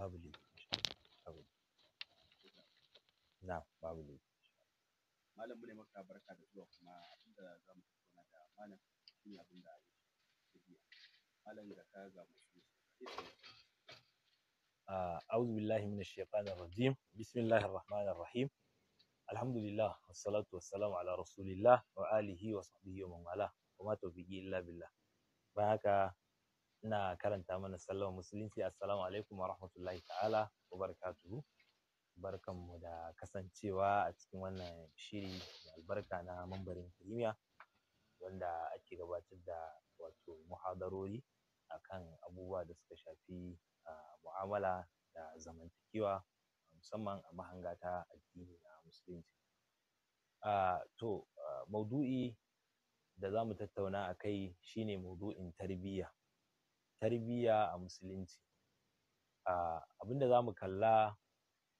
babu limitation na babu limitation malam bude maka barka da zuwa kuma abinda za mu tattauna da malam shine abinda ake cikin malam da ka ga mu shi أعوذ بالله من الشيطان الرجيم بسم الله الرحمن الرحيم الحمد لله والصلاة والسلام على رسول الله وآله وصحبه ومن والاه وما توفيقي إلا بالله بهاك ina karanta mana sallama musulunci assalamu alaikum wa rahmatullahi ta'ala wa barakatuhu barkanmu da kasancewa a cikin wannan shiri da albarka na mambarin kirimiya wanda ake gabatar da wato muhadarori akan abubuwa da suka shafi mu'amala da zamantakewa musamman a mahanga ta addini na musulunci to maudu'i da za mu tattauna a kai shine maudu'in tarbiyya tarbiyya a musulunci a abinda za mu kalla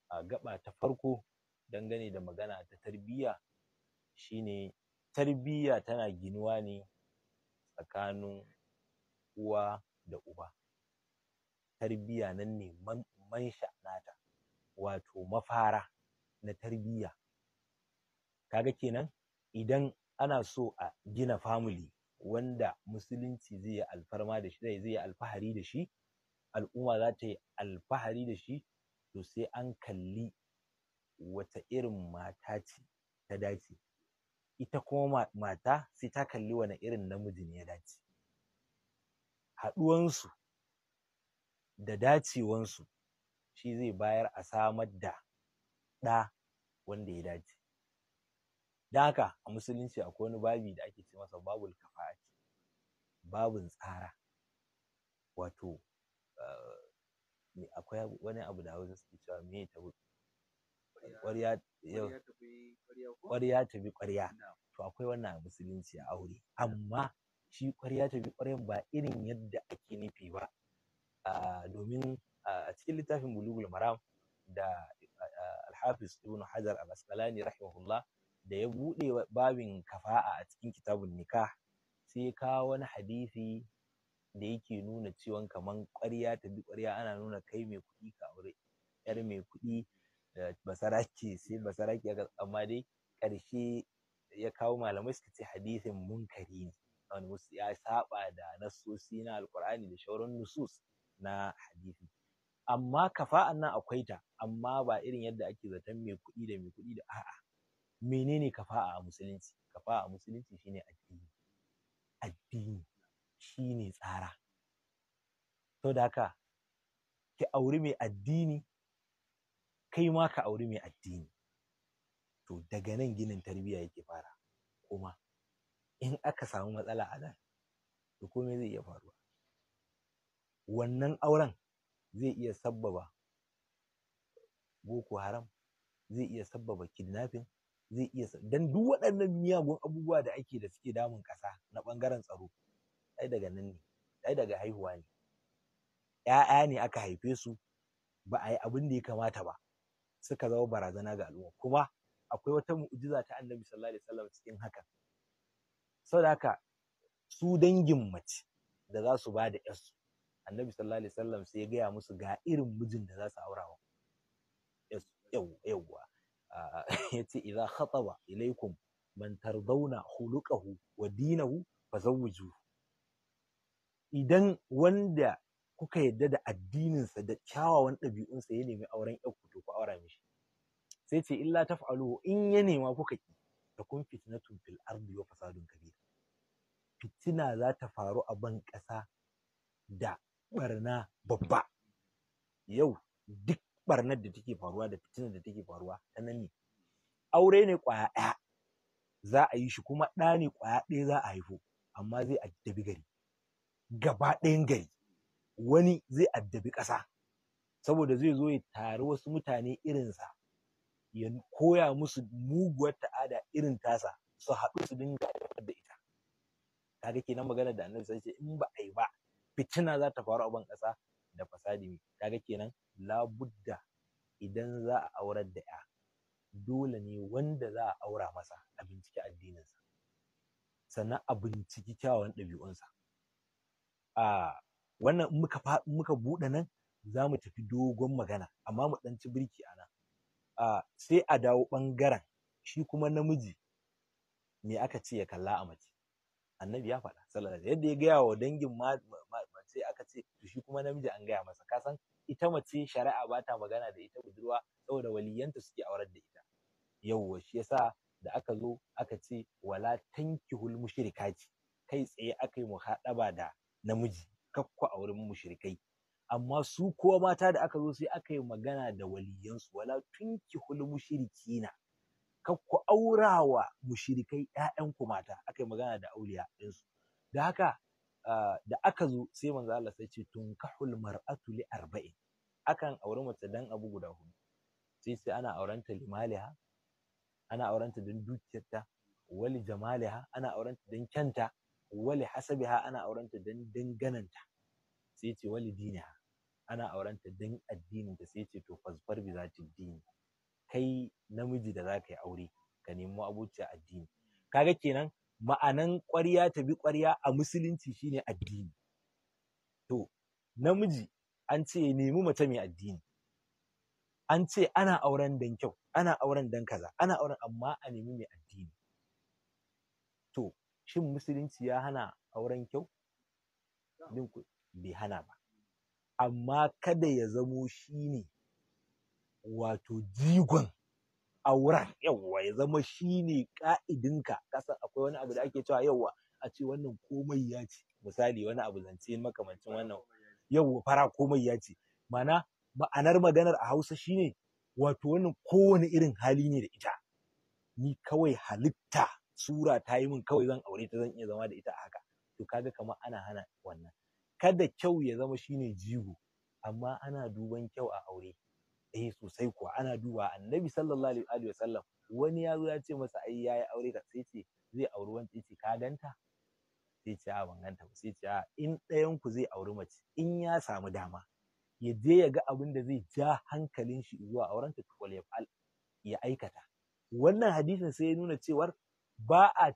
a gaba ta farko dangane da magana ta tarbiyya shine tarbiyya tana ginuwa ne tsakanin uwa da uba tarbiyya nan ne man, mansha nata wato mafara na tarbiyya kaga kenan idan ana so a gina family wanda musulunci zai yi alfarma da shi zai yi alfahari da shi al'umma za ta yi alfahari da shi to sai an kalli wata irin mata ce ta dace ita kuma mata sai ta kalli wani irin namiji ne ya dace haɗuwansu da dacewansu shi zai bayar a samar da ɗa wanda ya dace Don haka a musulunci akwai wani babi da ake ce masa babul kafa'ati babin tsara wato eh, akwai wani abu da hausa suke cewa me ta ƙwarya ƙwarya ta bi ƙwarya to akwai wannan a musulunci a aure amma shi ƙwarya ta bi ƙwaryan ba irin yadda ake nufi ba domin a cikin littafin bulugul maram da alhafiz ibn hajar al-asqalani rahimahullah da ya buɗe babin kafa'a a cikin kitabun nikah sai ya kawo wani hadisi da yake nuna ciwon kaman ƙwarya ta bi ƙwarya ana nuna kai mai kuɗi ka aure ƴar mai kuɗi da basarake sai basarake ya amma dai ƙarshe ya kawo malamai suka ce hadisin munkari ne wani musu ya saba da nassosi na alƙur'ani da shauran nusus na hadisi amma kafa'an nan akwai ta amma ba irin yadda ake zaton mai kuɗi da mai kuɗi da a'a menene kafa'a a musulunci kafa'a a musulunci shine addini addini shine tsara to da haka ki auri mai addini kai ma ka auri mai addini to daga nan ginin tarbiyya yake fara kuma in aka samu matsala a nan to komai zai iya faruwa wannan auren zai iya sabbaba boko haram zai iya sabbaba kidnapping zai iya sa, dan duk waɗannan miyagun abubuwa da ake da suke damun ƙasa na ɓangaren tsaro ai daga nan ne ai daga haihuwa ne Ƴaƴa ne aka haife su ba a yi abin da ya kamata ba suka zama barazana ga al'umma kuma akwai wata mu'jiza ta annabi sallallahu alaihi wasallam cikin hakan saboda haka su dangin mace da za su ba da ƴansu annabi sallallahu alaihi wasallam sai ya gaya musu ga irin mijin da za su aura wa yawwa yace idza khataba ilaikum man tardawna khuluquhu wa dinahu fazawwiju idan wanda kuka yadda da addininsa da kyawawan ɗabi'unsa ya nemi auren ku to ku aura mishi sai ce illa taf'aluhu in ya nema kuka ki ta kun fitnatun fil ardi wa fasadun kabir fitina za ta faru a ban ƙasa da barna babba yau duk barnar da take faruwa da fitinar da take faruwa ta nan ne aure ne kwaya ɗaya za a yi shi kuma ɗa ne kwaya ɗaya za a haifo amma zai addabi gari gaba ɗayan gari wani zai addabi ƙasa saboda zai zo ya tari wasu mutane irinsa ya koya musu muguwar ta'ada irin tasa su haɗu su dinga da ita kaga kenan magana da annabi sai in ba a yi ba fitina za ta faru a ban ƙasa da fasadi kaga kenan labudda idan za a aurar da ya dole ne wanda za a aura masa a binciki addininsa sannan a binciki kyawawan ɗabi'unsa a wannan muka muka buɗe nan za mu tafi dogon magana amma mu ɗan ci birki a nan a sai a dawo ɓangaren shi kuma namiji me aka ce ya kalla a mace annabi ya faɗa sallallahu yadda ya gaya wa dangin sai aka ce to shi kuma namiji an gaya masa ka san ita mace shari'a ba ta magana da ita budurwa saboda waliyanta suke aurar da ita yawwa shi yasa da aka zo aka ce wala tankihul mushrikati kai tsaye aka yi hadaba da namiji kakku auren mushrikai amma su kuwa mata da aka zo sai aka yi magana da waliyansu wala tunkihul mushrikina kakku aurawa mushrikai ƴaƴanku mata aka yi magana da auliya ɗinsu da haka Ah, da aka zo sai manzo Allah sai ce tunkahul mar'atu li arba'in akan aure mace dan abu guda hudu sai sai ana aurenta limaliha ana aurenta dan dukiyarta wali jamaliha ana aurenta dan kyanta wali hasabiha ana aurenta dan dangananta sai ce wali diniha ana aurenta don da sai ce to fasfar bi zati kai namiji da za yi aure ka nemo abuciya addini kaga kenan ma'anan ƙwarya ta bi ƙwarya a musulunci shine addini to namiji an ce ya nemi mace mai addini an ce ana auren dan kyau ana auren dan kaza ana auren amma a nemi mai addini to shin musulunci ya hana auren kyau bai hana ba amma kada ya zamo shine wato jigon aura yawwa ya zama shi ne ka'idinka kasan akwai wani abu da ake cewa yawwa a ce wannan komai ya ce misali wani abu zance makamancin wannan yawwa fara komai ya ce mana ma'anar maganar a Hausa shi ne, wato wannan kowane irin hali ne da ita ni kawai halitta sura ta yi min kawai zan aure ta zan iya zama da ita a haka to kaga kamar ana hana wannan kada kyau ya zama shi ne jigo amma ana duban kyau a aure eh sosai kuwa ana duba annabi sallallahu alaihi wa sallam wani ya zo ya ce masa ai yayi aure ka sai ce zai auri wanda yace ka ganta sai ce a ban ganta ba sai ce a in ɗayan ku zai auri mace in ya samu dama ya je ya ga abin da zai ja hankalin shi zuwa auren ta wal yaf'al ya aikata wannan hadisin sai ya nuna cewar ba a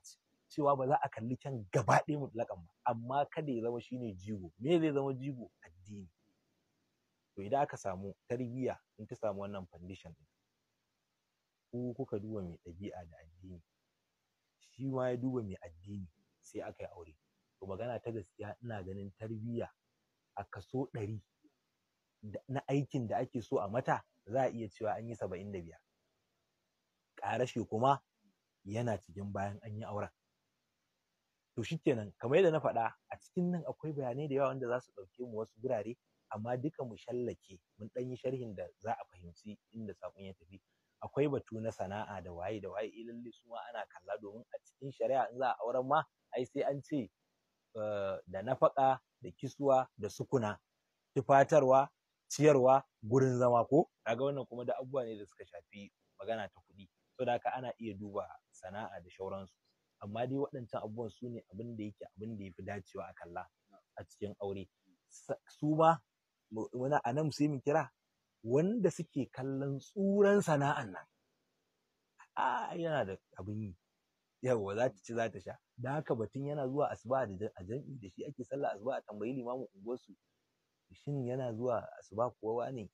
cewa ba za a kalli kyan gaba ɗaya mutlaƙan ba amma kada ya zama shine jigo me zai zama jigo addini to idan aka samu tarbiyya in ta samu wannan foundation din ku kuka duba mai ɗabi'a da addini shi ma ya duba mai addini sai aka yi aure to magana ta gaskiya ina ganin tarbiyya a kaso ɗari na aikin da ake so a mata za a iya cewa an yi saba'in da biyar ƙarashe kuma yana cikin bayan an yi auren to shikenan kamar yadda na faɗa a cikin nan akwai bayanai da yawa wanda za su ɗauke mu wasu gurare amma duka mu shallake mun ɗan yi sharhin da za a fahimci inda saƙon ya tafi akwai batu na sana'a da waye da waye ilalle eh su ma ana kalla domin a cikin shari'a in za a auren ma ai sai an ce eh, da nafaka da kisuwa da sukuna tufatarwa ciyarwa gurin zama ko kaga wannan kuma da abubuwa ne da suka shafi magana ta kuɗi saboda haka ana iya duba sana'a da shauransu amma dai waɗancan abubuwan su ne da yake abin da ya fi dacewa a kalla a cikin aure su ma wani a nan sai mu kira wanda suke kallon tsuran sana'an nan a ah, yana da abin yi yawa za ta ci za ta sha da haka batun yana zuwa asuba a jam'i da shi ake sallah asuba a tambayi limamin unguwarsu shin yana zuwa asuba kuwa ne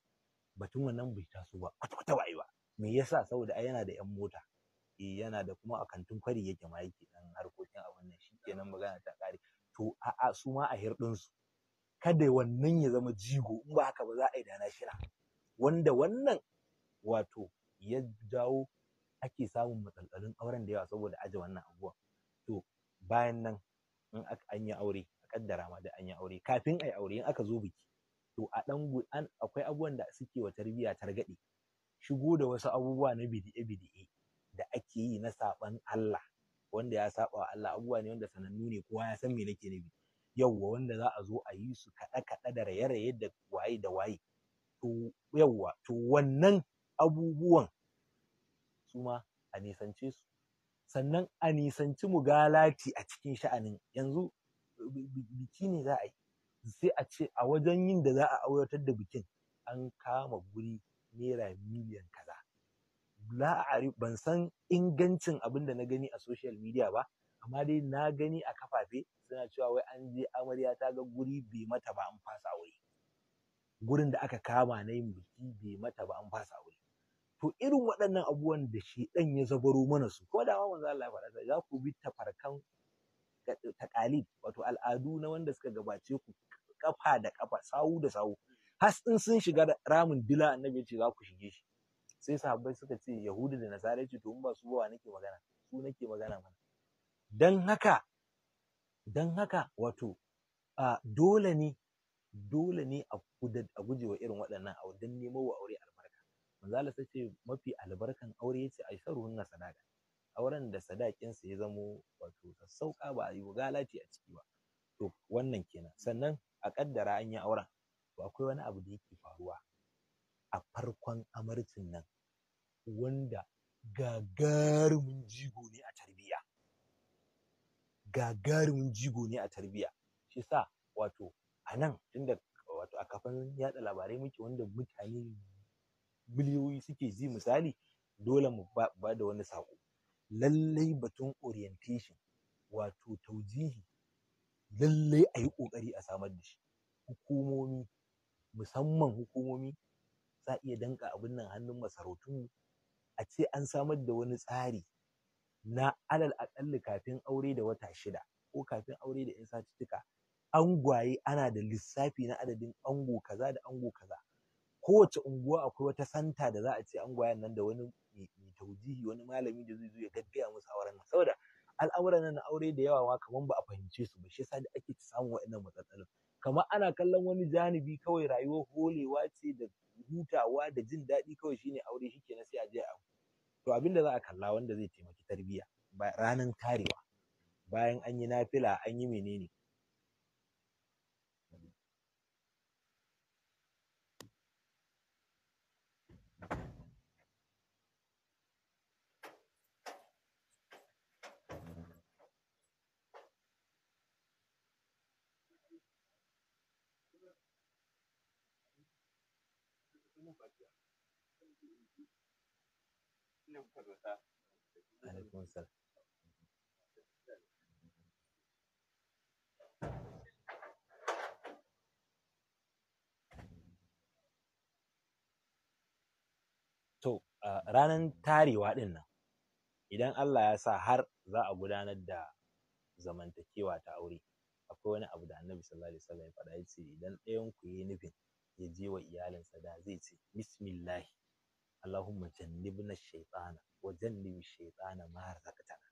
batun wannan bai taso ba kwata kwata wa ba me yasa saboda ai yana da yan mota eh yana da kuma a kantin kwari yake ma yake dan harkokin abin nan shi nan magana ta kare to a'a su ma a hirɗinsu kada wannan ya zama jigo in ba haka ba za a yi dana shira wanda wannan wato ya jawo ake samun matsalolin auren da yawa saboda aje wannan abubuwan to bayan nan in an yi aure a kaddara ma da an yi aure kafin a yi aure in aka zo biki to a dan an akwai abubuwan da suke wa tarbiyya targade, shigo da wasu abubuwa na bidi'e bidi'e da ake yi na saban Allah wanda ya saba wa Allah abubuwa ne wanda sanannu ne kowa ya san me nake nufi yawwa wanda za a zo a yi su kaɗe-kaɗe da raye-raye da waye da waye to yawwa to wannan abubuwan su ma a nisance su sannan a nisanci mugalati a cikin sha'anin yanzu biki ne za a yi sai a ce a wajen yin da za a auratar da bikin an kama guri naira miliyan kaza la ban san ingancin abin da na gani a social media ba amma dai na gani a kafafe suna cewa wai an je amarya ta ga guri bai mata ba an fasa wuri. gurin da aka kama na yin biki bai mata ba an fasa wuri. to irin waɗannan abubuwan da shi ɗan ya zabaro mana su ko da manzo Allah ya faɗa za ku bi tafarkan takalid wato al'adu na wanda suka gabace ku kafa da kafa sawu da sawu has in sun shiga ramin dila annabi ya ce za ku shige shi sai sahabbai suka ce yahudu da nasara ce to in ba su bawa nake magana su nake magana mana don haka don haka wato a dole ne dole ne a gujewa irin waɗannan a don nemo wa aure albarka maza Allah sai ce mafi albarkan aure ya ce aisaruhun na sadaka auren da sadakin sa ya zamo wato sauka ba a yi galaci a ciki ba to wannan kenan sannan a kaddara an yi auren to akwai wani abu da yake faruwa a farkon amarcin nan wanda gagarumin jigo ne a gagarumin jigo ne a tarbiyya shi sa wato a nan tunda wato a kafan yaɗa labarai muke wanda mutane miliyoyi suke ji misali dole mu ba da wani saƙo lallai batun orientation wato taujihi lallai a yi ƙoƙari a samar da shi hukumomi musamman hukumomi za iya danƙa abin nan hannun masarautunmu a ce an samar da wani tsari na alal aƙalli kafin aure da wata shida ko kafin aure da 'yan satuttuka angwaye ana da lissafi na adadin ango kaza da ango kaza kowace unguwa akwai wata santa da za a ce angwayen nan da wani mai taujihi wani malami da zai zo ya gaggaya musu auren nan saboda al'amuran nan na aure da yawa ma kaman ba a fahimce su ba shi yasa da ake samun waɗannan matsalolin kamar ana kallon wani janibi kawai rayuwar holewa ce da hutawa da jin daɗi kawai shine aure shikenan sai a je a to abin da za a kalla wanda zai taimaki tarbiyya ranan karewa bayan an yi nafila an yi menene Thank you. To, ranar tarewa ɗin nan, idan Allah ya sa har za a gudanar da zamantakewa ta aure, akwai wani abu da annabi sallallahu alaihi wasallam ya faɗa ya ce idan ɗayan ku yi nufin ya je wa iyalinsa da zai ce bismillahi Allahumma jannibna shaytana wa jannib shaytana ma razaqtana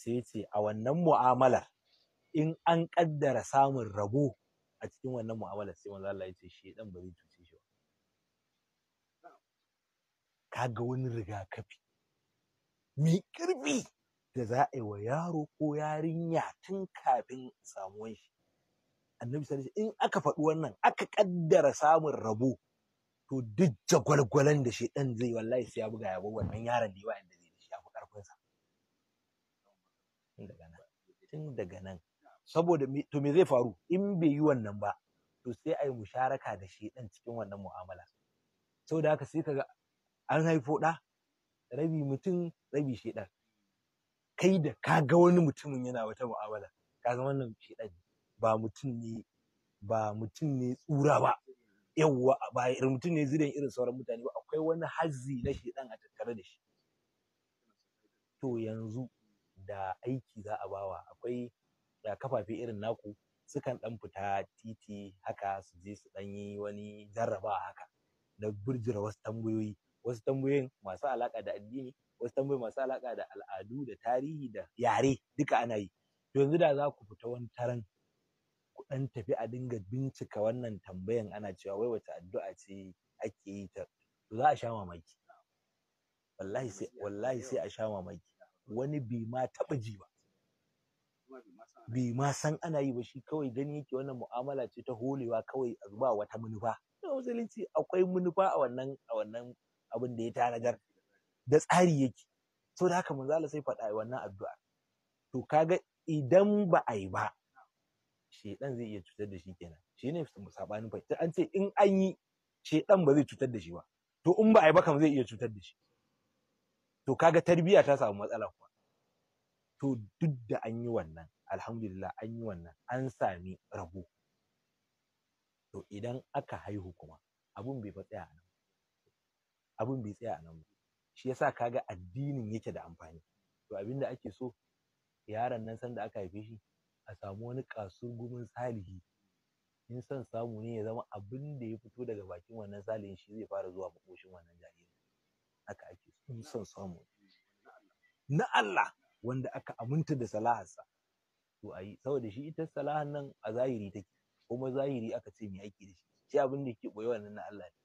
sai ce a wannan mu'amalar in an kaddara samun rabo a cikin wannan mu'amalar sai manzo Allah yace shaytan ba zai cuce shi ba kaga wani rigakafi mai kirbi da za a yi wa yaro ko yarinya tun kafin samuwan shi annabi sallallahu alaihi in aka faɗi wannan aka kaddara samun rabo to duk jagwalgwalan da shi dan zai wallahi sai ya buga ya buga wannan yaron da yawa zai shi ya karfin tun daga nan saboda to me zai faru in bai yi wannan ba to sai a yi musharaka da shi dan cikin wannan mu'amala saboda haka sai kaga an haifo da rabi mutum rabi shi ɗan. kai da ka ga wani mutumin yana wata mu'amala ka zama wannan shedan ba mutum ne ba mutum ne tsura ba yawwa ba mutum ne zidan irin sauran mutane ba akwai wani hazzi na shi ɗan a tattare da shi to yanzu da aiki za a bawa akwai da ah, kafafe irin naku sukan dan fita titi haka su je su dan yi wani jarraba haka na burjira wasu tambayoyi wasu tambayoyin masu alaka da addini wasu tambayoyi masu alaka da al'adu da tarihi da yare duka ana yi yanzu da za ku fita wani taron ɗan tafi a dinga bincika wannan tambayan ana cewa wai wace addu'a ce ake yi ta to za a sha mamaki wallahi sai wallahi sai a sha mamaki wani bai ma taɓa ji ba bai ma san ana yi ba shi kawai gani yake wannan mu'amala ce ta holewa kawai a ba wata manufa da musulunci akwai manufa a wannan a wannan abin da ya tanadar da tsari yake saboda da haka Allah sai faɗa wannan addu'a to kaga idan ba a yi ba shedan zai iya cutar da shi kenan shi ne fa To an ce in an yi shedan ba zai cutar da shi ba to in ba a yi ba kam zai iya cutar da shi to kaga tarbiyya ta samu matsala kuwa to duk da an yi wannan alhamdulillah an yi wannan an sami rabo to idan aka haihu kuma abun bai fa tsaya nan abun bai tsaya nan ba shi yasa kaga addinin yake da amfani to abinda ake so yaron nan san da aka haife shi a samu wani kasurgumin salihi in son samu ne ya zama abin da ya fito daga bakin wannan salihin shi zai fara zuwa makoshin wannan jaririn haka ake in son samu na Allah wanda aka aminta da salahansa to ayi, saboda shi ita salahan nan a zahiri take kuma zahiri aka ce me ake da shi shi abin da ke boye wannan na Allah ne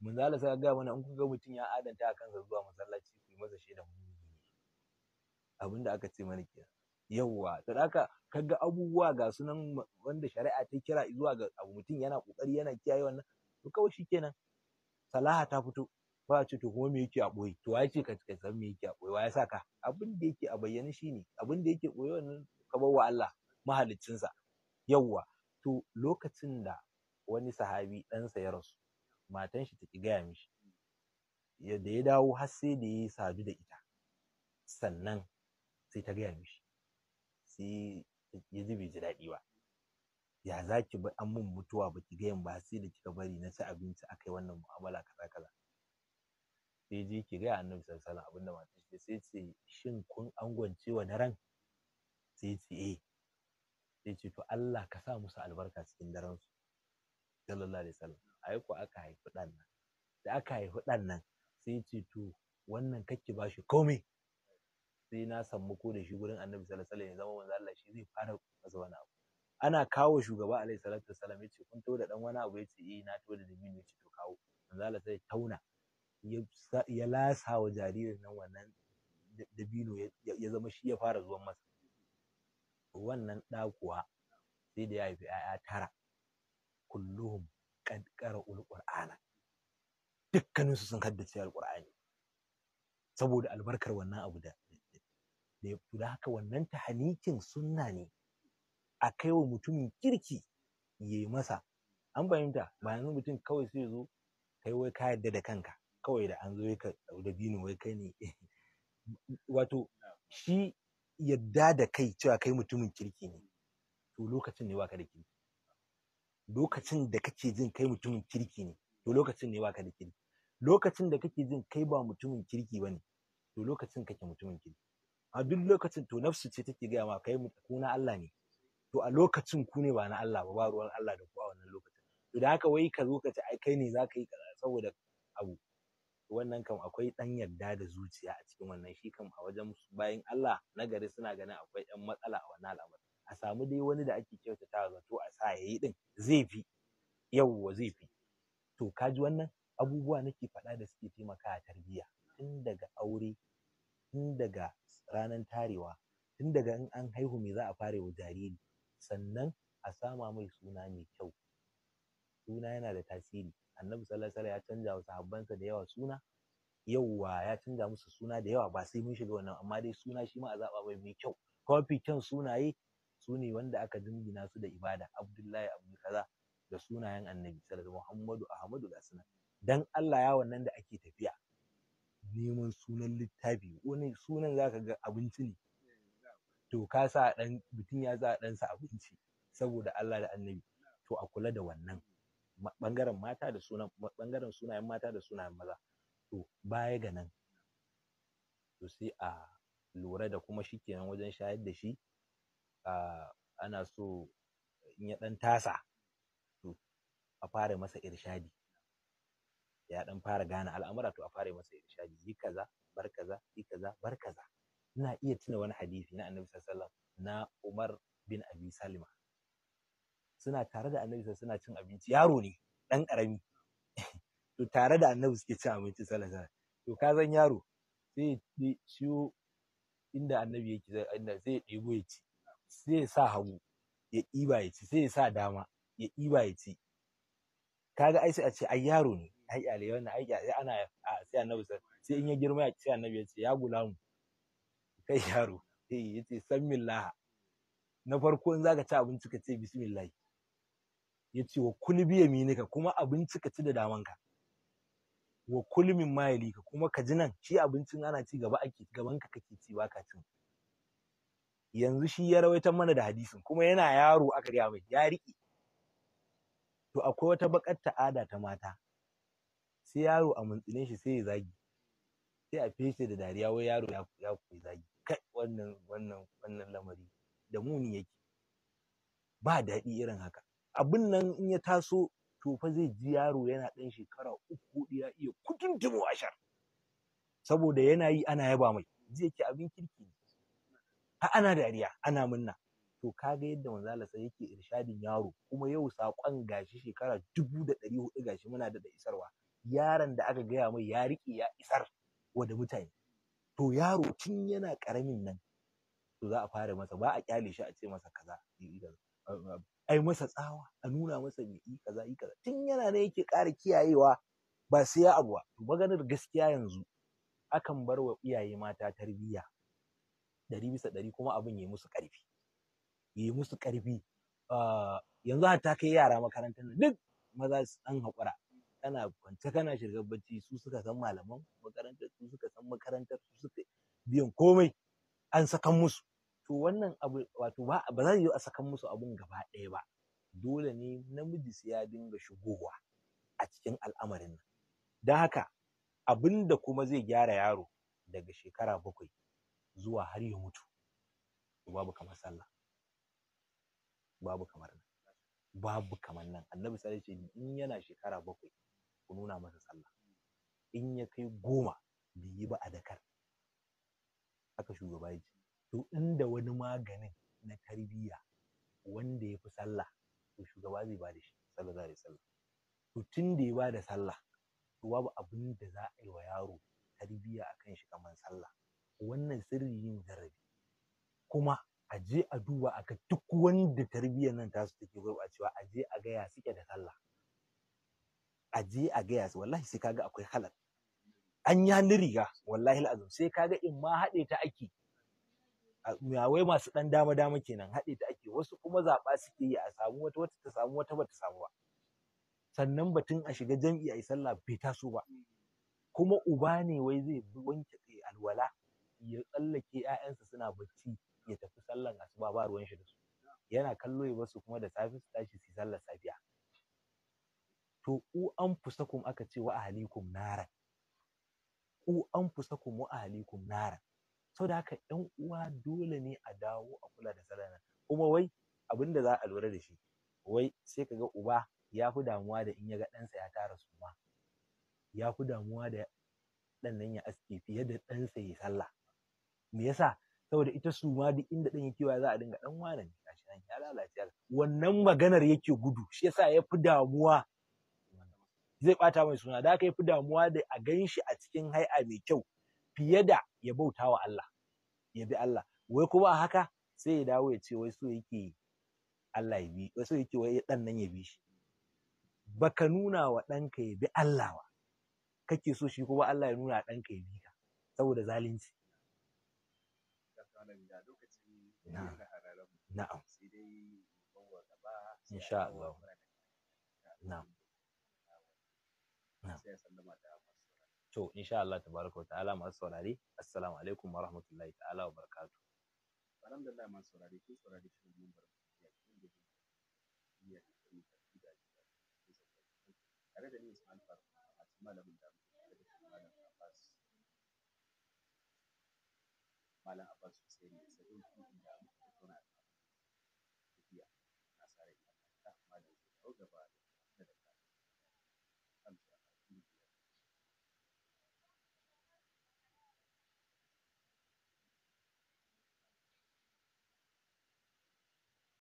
mun zala sai ga mana in kun ga mutum ya adanta a kansa zuwa masallaci ku masa shaidan mu abin da aka ce mana kenan yawwa to haka kaga abubuwa ga sunan wanda shari'a ta kira zuwa ga abu mutum yana kokari yana kiyaye wannan to kawai shikenan salaha ta fito ba ce to kuma me yake a boye to ya ce ka san me yake a boye wa ya saka abin da yake a bayyane shine abin da yake boye wannan ka bar wa Allah sa yawwa to lokacin da wani sahabi dan sa ya rasu matan shi ta ki gaya mishi da ya dawo har sai da ya sadu da ita sannan sai ta gaya mishi sai yanzu bai ji daɗi ba ya za ki bi an mun mutuwa ba ki gayan ba sai da kika bari na ci abinci aka yi wannan mu'amala kaza kaza sai je ki gaya annabi sallallahu alaihi abinda matan shi sai ce shin kun angwance wa daren sai ce eh sai ce to Allah ka sa musu albarka cikin daren su sallallahu alaihi wasallam ai ko aka haifi dan nan da aka haifi dan nan sai ce to wannan kake ba shi komai sai na samu ko da shi gurin annabi sallallahu alaihi wasallam ya zama manzo Allah shi zai fara masa wani abu ana kawo shugaba alaihi salatu wasallam yace kun to da dan wani abu yace eh na to da dabino yace to kawo manzo Allah sai tauna ya lasa wa jaririn nan wannan dabino ya zama shi ya fara zuwan masa wannan da kuwa sai da ya haifi ‘ya'ya tara kulluhum qad qara'ul qur'ana dukkaninsu sun haddace alqur'ani saboda albarkar wannan abu da da haka wannan tahanikin sunna ne a kai wa mutumin kirki yi masa an fahimta ba yanzu mutum kawai sai zo kai wai ka yarda da kanka kawai da an zo ka da bini wai kai ne wato shi yadda da kai cewa kai mutumin kirki ne to lokacin ne baka da kirki lokacin da kake jin kai mutumin kirki ne to lokacin ne baka da kirki lokacin da kake jin kai ba mutumin kirki bane to lokacin kake mutumin kirki a duk lokacin to nafsu ce take gaya ma kai ku na Allah ne to a lokacin ku ne ba na Allah ba ba ruwan Allah da ku a wannan lokacin to da haka wai ka zo ka ce ai kai ne za ka yi kaza saboda abu wannan kam akwai ɗan yadda da zuciya a cikin wannan shi kam a wajen bayan Allah na gari suna ganin akwai ɗan matsala a wannan al'amari a samu dai wani da ake kyautata zato a sa yayi din zai fi yawwa zai fi to kaji wannan abubuwa nake faɗa da suke taimaka a tarbiyya tun daga aure tun daga ranar tarewa tun daga in an haihu me za a fara wa jariri sannan a sama mai suna mai kyau suna yana da tasiri annabi sallallahu ya canja wa sahabbansa da yawa suna yauwa ya canja musu suna da yawa ba sai mun shiga wannan amma dai suna shi ma a zaba mai mai kyau kofi kyan sunaye su ne wanda aka dingina su da ibada abdullahi abu kaza da sunayen annabi sallallahu muhammadu ahmadu gasu nan dan Allah ya wannan da ake tafiya neman sunan littafi wani sunan zaka ga abinci ne eh, to ka sa dan mutum ya sa ɗansa abinci saboda Allah da annabi to a kula da wannan bangaren mata da sunan bangaren sunayen mata da sunayen maza to baya ga nan to sai a lura da kuma shi kenan wajen shayar da shi ana so in ya ɗan tasa to a fara masa irshadi ya dan fara gane al'amura to a fara masa irshadi yi kaza bar kaza yi kaza bar kaza ina iya tuna wani hadisi na annabi sallallahu na Umar bin Abi Salima suna tare da annabi suna cin abinci yaro ne dan karami to tare da annabi suke cin abinci sallallahu alaihi to ka zan yaro sai ya ciwo inda annabi yake inda sai ya ɗebo ya ci sai ya sa hagu ya ɗiba ya ci sai ya sa dama ya ɗiba ya ci kaga ai sai a ce ai yaro ne ai kyale wannan ai kyale ana sai annabi sai in ya girma ya sai annabi ya ce ya gulamu kai yaro eh yace sammillah na farko in zaka ci abinci ka ce bismillah yace wa kulbi yaminika kuma abinci ka ci da damanka wa kulmin mayalika kuma ka ji nan shi abincin ana ci gaba ake gabanka kake ci ba ka cin yanzu shi ya rawaitar mana da hadisin kuma yana yaro aka riya mai ya riƙe to akwai wata bakar ta'ada ta mata sai yaro a muntsine shi sai ya zagi sai a feshe da dariya wai yaro ya koyi zagi kai wannan wannan wannan lamari da muni yake ba daɗi irin haka abin nan in ya taso to fa zai ji yaro yana ɗan shekara uku ya iya kutuntumo ashar saboda yana yi ana yaba mai zai yake abin kirki ne ana dariya ana munna to kaga yadda manzala sai yake irshadin yaro kuma yau sakon gashi shekara dubu da ɗari hudu gashi muna da isarwa yaron da aka gaya mai ya riƙe ya isar wa mutane to yaro tun yana ƙaramin nan to za a fara masa ba a kyale shi a ce masa kaza ai masa tsawa a nuna masa me yi kaza yi kaza tun yana ne yake ƙara kiyayewa ba sai ya abuwa to maganar gaskiya yanzu akan bar wa iyaye mata tarbiyya ɗari bisa ɗari kuma abin ya musu ƙarfi ya musu ƙarfi ah, yanzu hatta kai yara makarantar nan duk maza su ɗan haƙura kana kwance kana shirgar bacci su suka san malaman makarantar su suka san makarantar su suka biyan komai an sakan musu to wannan abu wato ba za yi a sakan musu abun gaba ɗaya ba dole ne namiji su ya dinga shigowa a cikin al'amarin nan don haka abin da kuma zai gyara yaro daga shekara bakwai zuwa har ya mutu babu kamar sallah babu kamar nan babu kamar nan annabi sai ce in yana shekara bakwai ku nuna masa sallah in ya kai goma bai yi ba a dakar haka shugaba yake to inda wani maganin na tarbiyya wanda ya fi sallah to shugaba zai ba da shi Sallah za a yi Sallah. to tun da ya ba da sallah to babu abin da za a yi wa yaro tarbiyya akan shi kamar sallah wannan sirri yin zarafi kuma a je a duba a ga duk wanda tarbiyyar nan tasu take gurɓacewa a je a gaya suke da sallah a je a gaya su wallahi sai kaga akwai halal an yi hannun riga wallahi azum sai kaga in ma haɗe ta ake wai masu ɗan dama dama kenan haɗe ta ake wasu kuma zaɓa suke yi a samu wata wata ta samu wata bata samu ba sannan batun a shiga jam'i a yi sallah bai taso ba kuma uba ne wai zai wanke alwala ya tsallake 'ya'yansa suna bacci ya tafi sallan asuba ba ruwan shi da su yana kallo ya basu kuma da safe su tashi su sallar safiya to u anfusakum aka ce wa ahlikum nara u anfusakum wa ahlikum nara saboda haka 'yan uwa dole ne a dawo a kula da sallah kuma wai abinda da za a lura da shi wai sai kaga uba ya fi damuwa da in ya ga ɗansa ya tara suma ya fi damuwa da ɗan nan ya aske fiye da ɗansa ya sallah me yasa saboda ita suma duk inda ɗan yake za a dinga ɗan wane ne gashi nan ya lalace wannan maganar yake gudu shi yasa ya fi damuwa zai bata mai suna da yi fi damuwa da a gan shi a cikin hai'a mai kyau fiye da ya bauta wa Allah ya bi Allah wai kuma haka sai ya dawo ya ce wai so yake Allah ya bi wai so yake wai dan nan ya bi shi baka nuna wa ɗanka ya bi Allah wa kake so shi kuma Allah ya nuna ɗanka ya bi ka saboda zalunci na'am insha Allah na'am sai ya sallama da masu saurari to insha Allah tabaraka ta'ala masu saurari assalamu alaikum wa rahmatullahi ta'ala wa barakatuh alhamdulillah masu saurari kun saurari shirin mun bar ya cikin da ya cikin da tare da ni Ismail Faruk a cikin malamin da malam Abbas malam Abbas Hussein sai kun inda muka tattauna a tafiya na sare da malam Abbas